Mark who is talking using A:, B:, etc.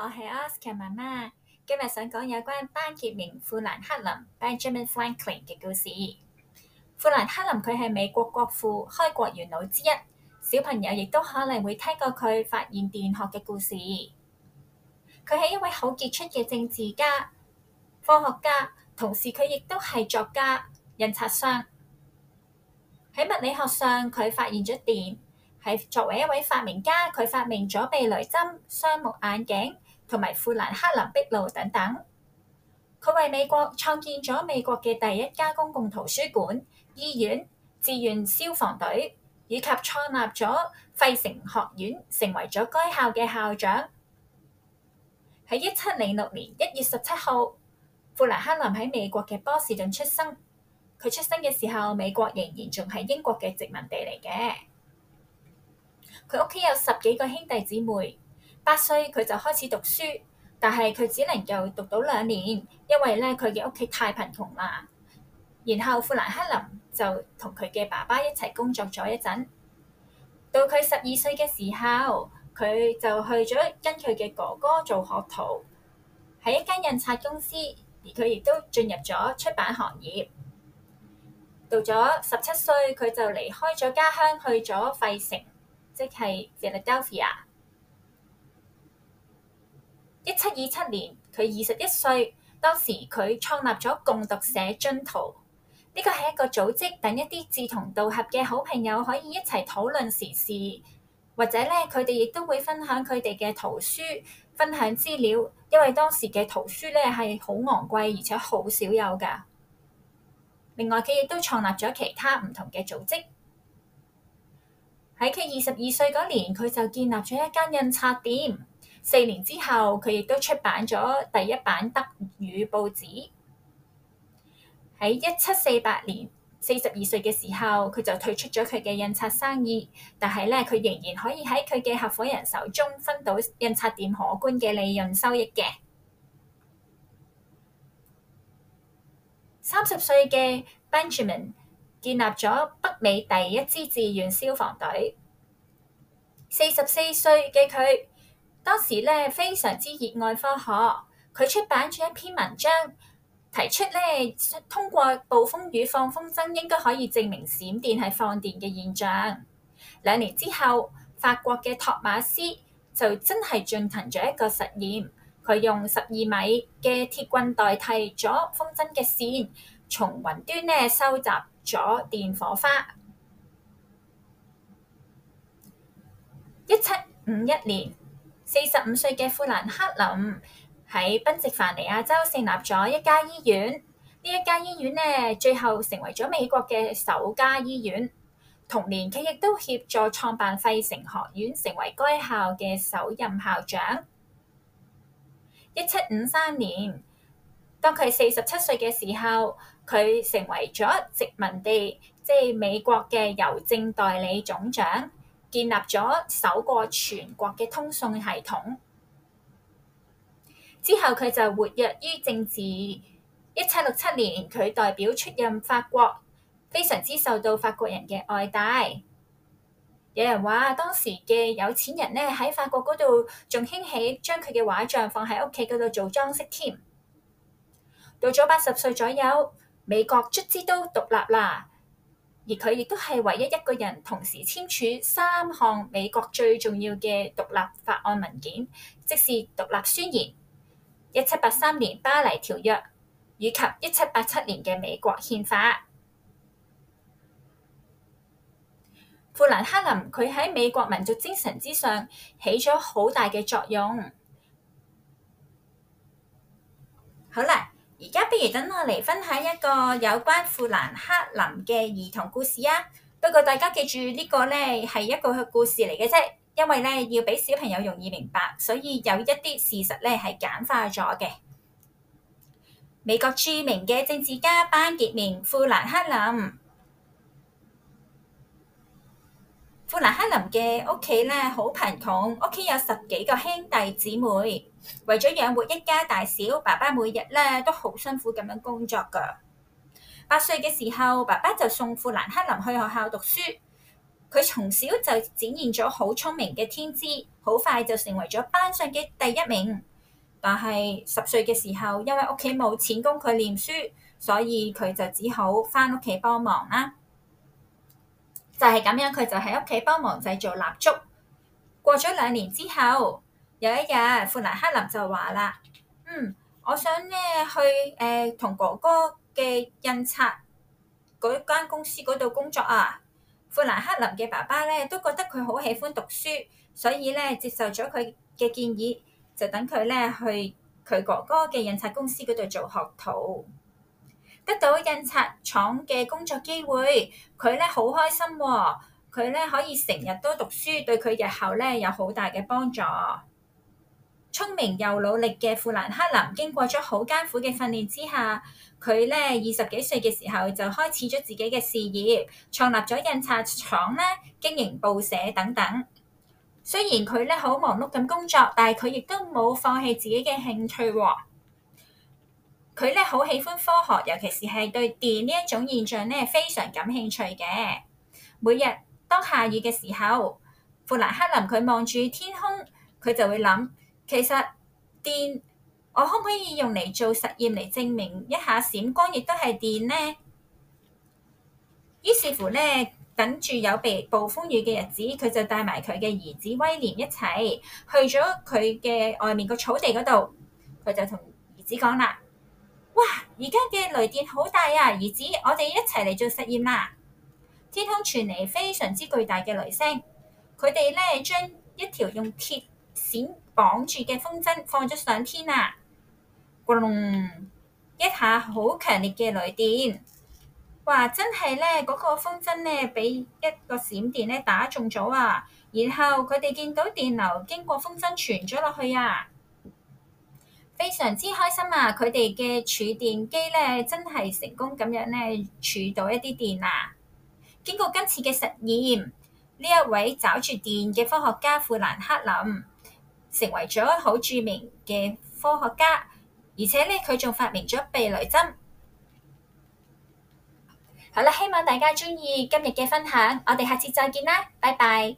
A: 我係 Oscar 媽媽，今日想講有關班傑明富蘭克林 （Benjamin Franklin） 嘅故事。富蘭克林佢係美國國父、開國元老之一。小朋友亦都可能會聽過佢發現電學嘅故事。佢係一位好傑出嘅政治家、科學家，同時佢亦都係作家、印刷商。喺物理學上，佢發現咗電。係作為一位發明家，佢發明咗避雷針、雙目眼鏡同埋富蘭克林壁爐等等。佢為美國創建咗美國嘅第一家公共圖書館、醫院、志願消防隊，以及創立咗費城學院，成為咗該校嘅校長。喺一七零六年一月十七號，富蘭克林喺美國嘅波士頓出生。佢出生嘅時候，美國仍然仲係英國嘅殖民地嚟嘅。佢屋企有十幾個兄弟姊妹，八歲佢就開始讀書，但係佢只能夠讀到兩年，因為呢，佢嘅屋企太貧窮啦。然後富蘭克林就同佢嘅爸爸一齊工作咗一陣，到佢十二歲嘅時候，佢就去咗跟佢嘅哥哥做學徒，喺一間印刷公司，而佢亦都進入咗出版行業。到咗十七歲，佢就離開咗家鄉，去咗費城。即係 Philadelphia，一七二七年佢二十一歲。當時佢創立咗共讀社津圖，呢個係一個組織，等一啲志同道合嘅好朋友可以一齊討論時事，或者咧，佢哋亦都會分享佢哋嘅圖書、分享資料。因為當時嘅圖書咧，係好昂貴，而且好少有噶。另外，佢亦都創立咗其他唔同嘅組織。喺佢二十二歲嗰年，佢就建立咗一間印刷店。四年之後，佢亦都出版咗第一版德語報紙。喺一七四八年，四十二歲嘅時候，佢就退出咗佢嘅印刷生意。但係咧，佢仍然可以喺佢嘅合伙人手中分到印刷店可觀嘅利潤收益嘅。三十歲嘅 Benjamin。建立咗北美第一支志願消防隊。四十四歲嘅佢當時咧非常之熱愛科學。佢出版咗一篇文章，提出咧通過暴風雨放風箏應該可以證明閃電係放電嘅現象。兩年之後，法國嘅托馬斯就真係進行咗一個實驗。佢用十二米嘅鐵棍代替咗風箏嘅線，從雲端咧收集。咗電火花。一七五一年，四十五歲嘅富蘭克林喺賓夕法尼亞州成立咗一家醫院。呢一家醫院呢，最後成為咗美國嘅首家醫院。同年，佢亦都協助創辦費城學院，成為該校嘅首任校長。一七五三年，當佢四十七歲嘅時候，佢成為咗殖民地，即係美國嘅郵政代理總長，建立咗首個全國嘅通訊系統。之後佢就活躍於政治。一七六七年，佢代表出任法國，非常之受到法國人嘅愛戴。有人話當時嘅有錢人呢，喺法國嗰度仲興起將佢嘅畫像放喺屋企嗰度做裝飾添。到咗八十歲左右。美國卒之都獨立啦，而佢亦都係唯一一個人同時簽署三項美國最重要嘅獨立法案文件，即是獨立宣言、一七八三年巴黎條約以及一七八七年嘅美國憲法。富蘭克林佢喺美國民族精神之上起咗好大嘅作用。好啦。而家不如等我嚟分享一個有關富蘭克林嘅兒童故事啊！不過大家記住、這個、呢個咧係一個故事嚟嘅啫，因為咧要俾小朋友容易明白，所以有一啲事實咧係簡化咗嘅。美國著名嘅政治家班傑明富蘭克林。富蘭克林嘅屋企呢好貧窮，屋企有十幾個兄弟姊妹，為咗養活一家大小，爸爸每日呢都好辛苦咁樣工作㗎。八歲嘅時候，爸爸就送富蘭克林去學校讀書。佢從小就展現咗好聰明嘅天資，好快就成為咗班上嘅第一名。但係十歲嘅時候，因為屋企冇錢供佢念書，所以佢就只好返屋企幫忙啦。就係咁樣，佢就喺屋企幫忙製造蠟燭。過咗兩年之後，有一日，富蘭克林就話啦：，嗯，我想咧去誒同、呃、哥哥嘅印刷嗰間公司嗰度工作啊。富蘭克林嘅爸爸咧都覺得佢好喜歡讀書，所以咧接受咗佢嘅建議，就等佢咧去佢哥哥嘅印刷公司嗰度做學徒。得到印刷廠嘅工作機會，佢咧好開心哦，佢咧可以成日都讀書，對佢日後咧有好大嘅幫助。聰明又努力嘅富蘭克林，經過咗好艱苦嘅訓練之下，佢咧二十幾歲嘅時候就開始咗自己嘅事業，創立咗印刷廠咧，經營報社等等。雖然佢咧好忙碌咁工作，但係佢亦都冇放棄自己嘅興趣哦。佢咧好喜歡科學，尤其是係對電呢一種現象咧，非常感興趣嘅。每日當下雨嘅時候，富蘭克林佢望住天空，佢就會諗：「其實電我可唔可以用嚟做實驗嚟證明一下閃光亦都係電呢？」於是乎咧，等住有被暴風雨嘅日子，佢就帶埋佢嘅兒子威廉一齊去咗佢嘅外面個草地嗰度。佢就同兒子講啦。哇！而家嘅雷電好大啊，兒子，我哋一齊嚟做實驗啦。天空傳嚟非常之巨大嘅雷聲，佢哋咧將一條用鐵線綁住嘅風箏放咗上天啊。咕隆，一下好強烈嘅雷電。哇！真係咧，嗰個風箏咧俾一個閃電咧打中咗啊。然後佢哋見到電流經過風箏傳咗落去啊。非常之開心啊！佢哋嘅儲電機咧，真係成功咁樣咧儲到一啲電啊！經過今次嘅實驗，呢一位找住電嘅科學家富蘭克林，成為咗好著名嘅科學家，而且咧佢仲發明咗避雷針。好啦，希望大家鍾意今日嘅分享，我哋下次再見啦，拜拜。